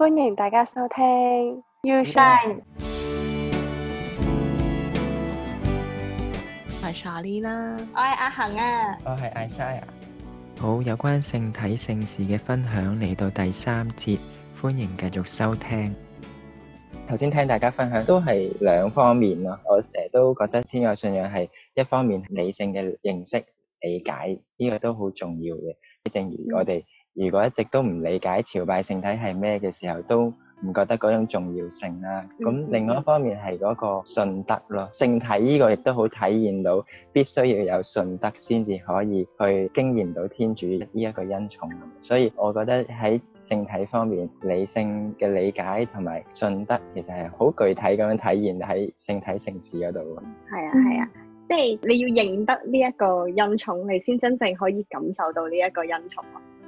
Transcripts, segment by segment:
歡迎大家收聽 You Shine。我是，我係 Shirley 啦，我係阿恒啊，我係 Isaya。好，有關聖體聖事嘅分享嚟到第三節，歡迎繼續收聽。頭先聽大家分享都係兩方面咯，我成日都覺得天主信仰係一方面理性嘅認識理解，呢個都好重要嘅。正如我哋。如果一直都唔理解朝拜聖體係咩嘅時候，都唔覺得嗰種重要性啦。咁、嗯、另外一方面係嗰個信德咯。聖、嗯、體呢個亦都好體現到必須要有信德先至可以去經驗到天主呢一個恩寵。嗯、所以，我覺得喺聖體方面，理性嘅理解同埋信德其實係好具體咁樣體現喺聖體聖事嗰度。係啊，係啊，嗯、即係你要認得呢一個恩寵，你先真正可以感受到呢一個恩寵。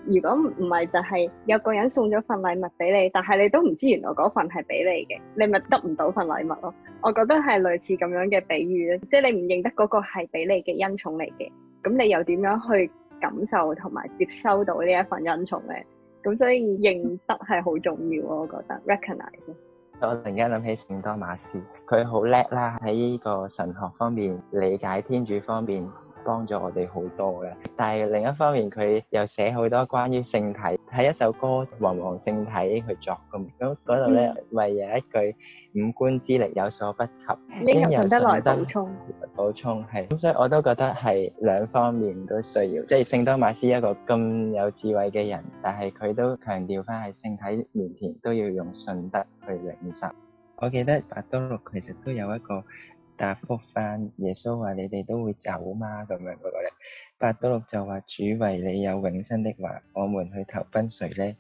如果唔係就係有個人送咗份禮物俾你，但係你都唔知原來嗰份係俾你嘅，你咪得唔到份禮物咯。我覺得係類似咁樣嘅比喻咯，即係你唔認得嗰個係俾你嘅恩寵嚟嘅，咁你又點樣去感受同埋接收到呢一份恩寵咧？咁所以認得係好重要咯，我覺得 recognize。我突然間諗起聖多馬斯，佢好叻啦，喺呢個神學方面理解天主方面。幫咗我哋好多嘅，但係另一方面佢又寫好多關於聖體，喺一首歌《皇皇聖體》去作嘅，咁嗰度咧，唯、嗯、有一句五官之力有所不及，應有得來補充，補充係。咁所以我都覺得係兩方面都需要，即係聖多瑪斯一個咁有智慧嘅人，但係佢都強調翻喺聖體面前都要用信德去領受。我記得巴多洛其實都有一個。答覆翻耶穌話：你哋都會走嗎？咁樣嗰個咧，伯多祿就話：主為你有永生的話，我們去投奔誰呢？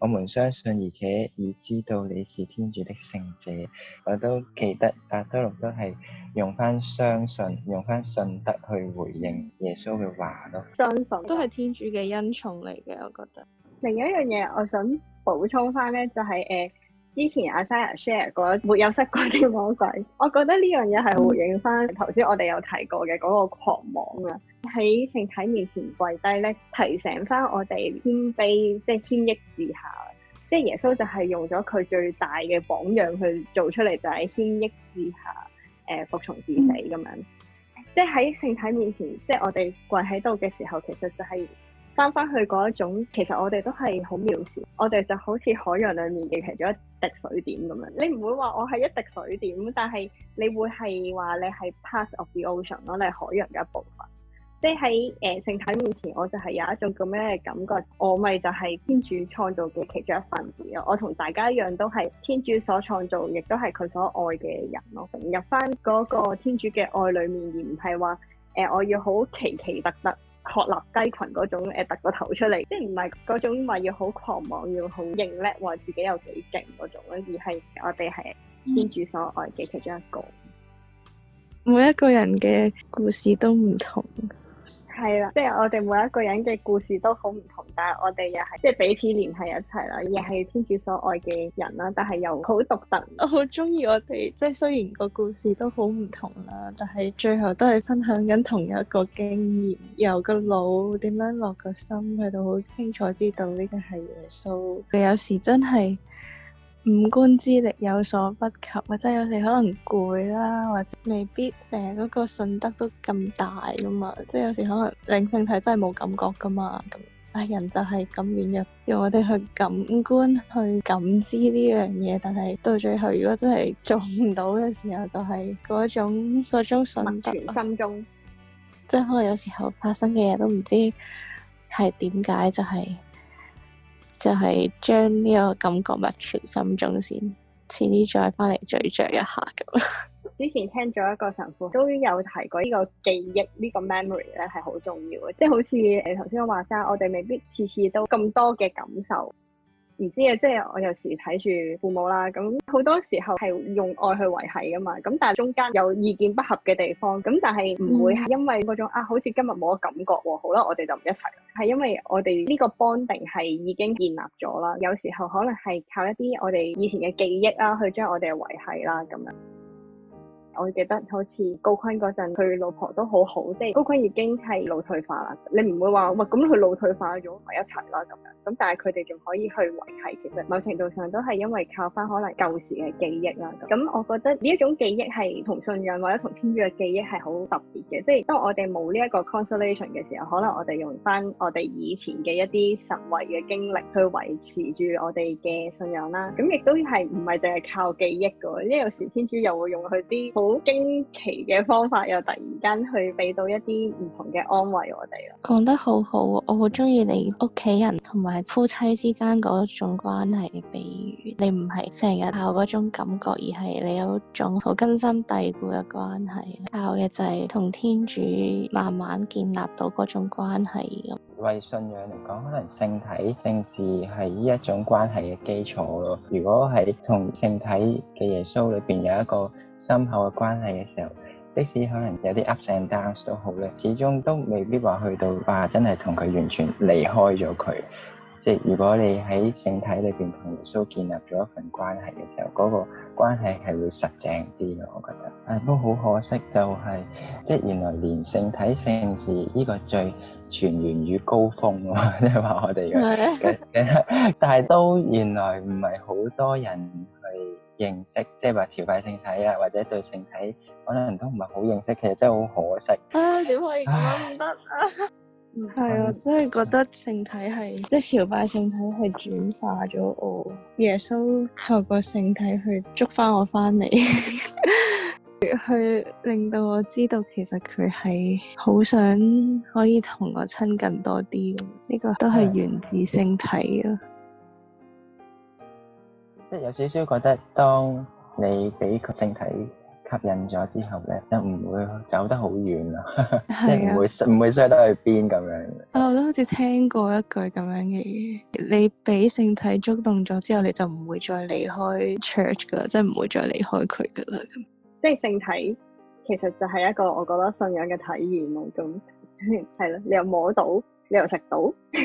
我們相信，而且已知道你是天主的聖者。我都記得伯多祿都係用翻相信，用翻信德去回應耶穌嘅話咯。相信都係天主嘅恩寵嚟嘅，我覺得。另一樣嘢我想補充翻咧，就係誒。之前阿 Sarah share 過，沒有失過啲魔鬼。我覺得呢樣嘢係回應翻頭先我哋有提過嘅嗰個狂妄啊。喺聖體面前跪低咧，提醒翻我哋謙卑，即係謙抑自下。即係耶穌就係用咗佢最大嘅榜樣去做出嚟，就係謙抑自下，誒服從至死咁樣。嗯、即係喺聖體面前，即係我哋跪喺度嘅時候，其實就係、是。翻翻去嗰一種，其實我哋都係好渺小，我哋就好似海洋裏面嘅其中一滴水點咁樣。你唔會話我係一滴水點，但係你會係話你係 part of the ocean 咯，你係海洋嘅一部分。即係喺誒聖體面前，我就係有一種咁樣嘅感覺。我咪就係天主創造嘅其中一份子，我同大家一樣都係天主所創造，亦都係佢所愛嘅人咯。我融入翻嗰個天主嘅愛裏面，而唔係話誒，我要好奇奇特特，鶴立雞群嗰種誒、呃、突個頭出嚟，即係唔係嗰種話要好狂妄、要好認叻、話自己有幾勁嗰種咧，而係我哋係天主所愛嘅其中一個。嗯、每一個人嘅故事都唔同。係啦，即係我哋每一個人嘅故事都好唔同，但係我哋又係即係彼此聯繫一齊啦，亦係天主所愛嘅人啦。但係又好獨特，我好鍾意我哋。即係雖然個故事都好唔同啦，但係最後都係分享緊同一個經驗，由個腦點樣落個心，去到好清楚知道呢個係耶穌。佢有時真係～五官之力有所不及，或者有時可能攰啦，或者未必成日個信德都咁大噶嘛，即係有時可能靈性體真係冇感覺噶嘛，咁唉人就係咁軟弱，要我哋去感官去感知呢樣嘢，但係到最後如果真係做唔到嘅時候，就係、是、嗰種嗰種信德心中，即係可能有時候發生嘅嘢都唔知係點解就係、是。就係將呢個感覺物存心中先，遲啲再翻嚟咀嚼一下咁。之 前聽咗一個神父終於有提過呢、呢個記憶呢、呢個 memory 咧係好重要嘅，即、就、係、是、好似誒頭先我話齋，我哋未必次次都咁多嘅感受。唔知啊，即係我有時睇住父母啦，咁好多時候係用愛去維繫噶嘛，咁但係中間有意見不合嘅地方，咁但係唔會係因為嗰種啊，好似今日冇咗感覺喎，好啦，我哋就唔一齊。係因為我哋呢個 bonding 係已經建立咗啦，有時候可能係靠一啲我哋以前嘅記憶啦，去將我哋維繫啦咁樣。我記得好似高坤嗰陣，佢老婆都好好，即係高坤已經係腦退化啦。你唔會話，哇咁佢腦退化咗，喺埋一齊啦咁樣。咁但係佢哋仲可以去維繫，其實某程度上都係因為靠翻可能舊時嘅記憶啦。咁我覺得呢一種記憶係同信仰或者同天主嘅記憶係好特別嘅。即係當我哋冇呢一個 consolation 嘅時候，可能我哋用翻我哋以前嘅一啲神慰嘅經歷去維持住我哋嘅信仰啦。咁亦都係唔係淨係靠記憶嘅，因為有時天主又會用佢啲。好驚奇嘅方法，又突然間去俾到一啲唔同嘅安慰我哋啦。講得好好，我好中意你屋企人同埋夫妻之間嗰種關係嘅比喻。你唔係成日靠嗰種感覺，而係你有一種好根深蒂固嘅關係。靠嘅就係同天主慢慢建立到嗰種關係咁。為信仰嚟講，可能聖體正是係呢一種關係嘅基礎咯。如果係同聖體嘅耶穌裏邊有一個深厚嘅關係嘅時候，即使可能有啲 ups and downs 都好咧，始終都未必話去到話真係同佢完全離開咗佢。即係如果你喺聖體裏邊同耶穌建立咗一份關係嘅時候，嗰、那個關係係會實淨啲嘅，我覺得。但都好可惜，就係即係原來連聖體聖體聖事呢個最泉源與高峰啊！即係話我哋嘅的，的 但係都原來唔係好多人去認識，即係話朝拜聖體啊，或者對聖體可能人都唔係好認識。其實真係好可惜啊！點可以講唔得啊？係啊，真、就、係、是、覺得聖體係即係朝拜聖體係轉化咗我， 耶穌透過聖體去捉翻我翻嚟。 去令到我知道，其實佢係好想可以同我親近多啲。呢、呢個都係源自性體啊，即係 有少少覺得，當你畀個性體吸引咗之後咧，就唔會走得好遠 是啊， 即係唔會唔會衰得去邊咁樣。啊， 我都好似聽過一句咁樣嘅嘢，你俾性體觸動咗之後，你就唔會再離開 church 噶啦，即係唔會再離開佢噶啦。即係聖體，其實就係一個我覺得信仰嘅體驗咯。咁係咯，你又摸到，你又食到，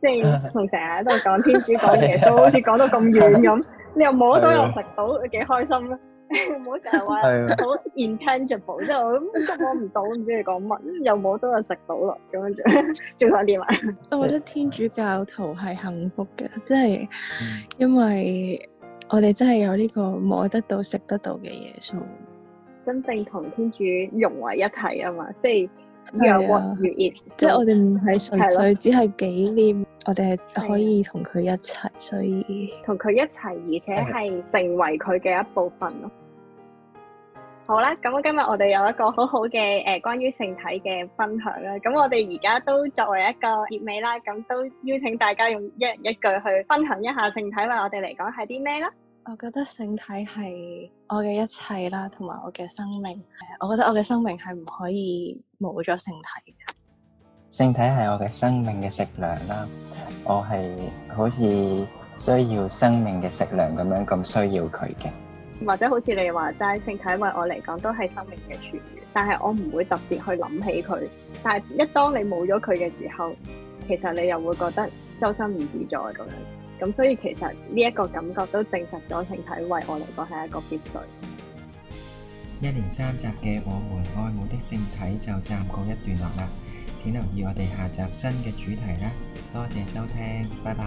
即係同成日喺度講天主講耶穌都好似講到咁遠咁。你又摸到對、啊、又食到，幾開心咯！唔好成日話好 intangible，即係我都摸唔到，唔知你講乜，又摸到又食到咯。咁樣仲仲講啲乜？啊、 我覺得天主教徒係幸福嘅，即係因為。我哋真係有呢個摸得到、食得到嘅耶穌，so, 真正同天主融為一體啊嘛！Eat, 即係 You are what you eat，即係我哋唔係純粹只係紀念，對我哋係可以同佢一齊，所以同佢一齊，而且係成為佢嘅一部分咯。好啦，咁今日我哋有一個好好嘅誒關於聖體嘅分享啦。咁我哋而家都作為一個結尾啦，咁都邀請大家用一人一句去分享一下聖體，話我哋嚟講係啲咩啦？我覺得聖體係我嘅一切啦，同埋我嘅生命。我覺得我嘅生命係唔可以冇咗聖體。聖體係我嘅生命嘅食糧啦，我係好似需要生命嘅食糧咁樣咁需要佢嘅。或者好似你話齋，性體為我嚟講都係生命嘅泉源，但係我唔會特別去諗起佢。但係一當你冇咗佢嘅時候，其實你又會覺得周身唔自在咁樣。咁所以其實呢一個感覺都證實咗性體為我嚟講係一個必需。一連三集嘅我們愛我的性體就暫告一段落啦，請留意我哋下集新嘅主題啦，多謝收聽，拜拜。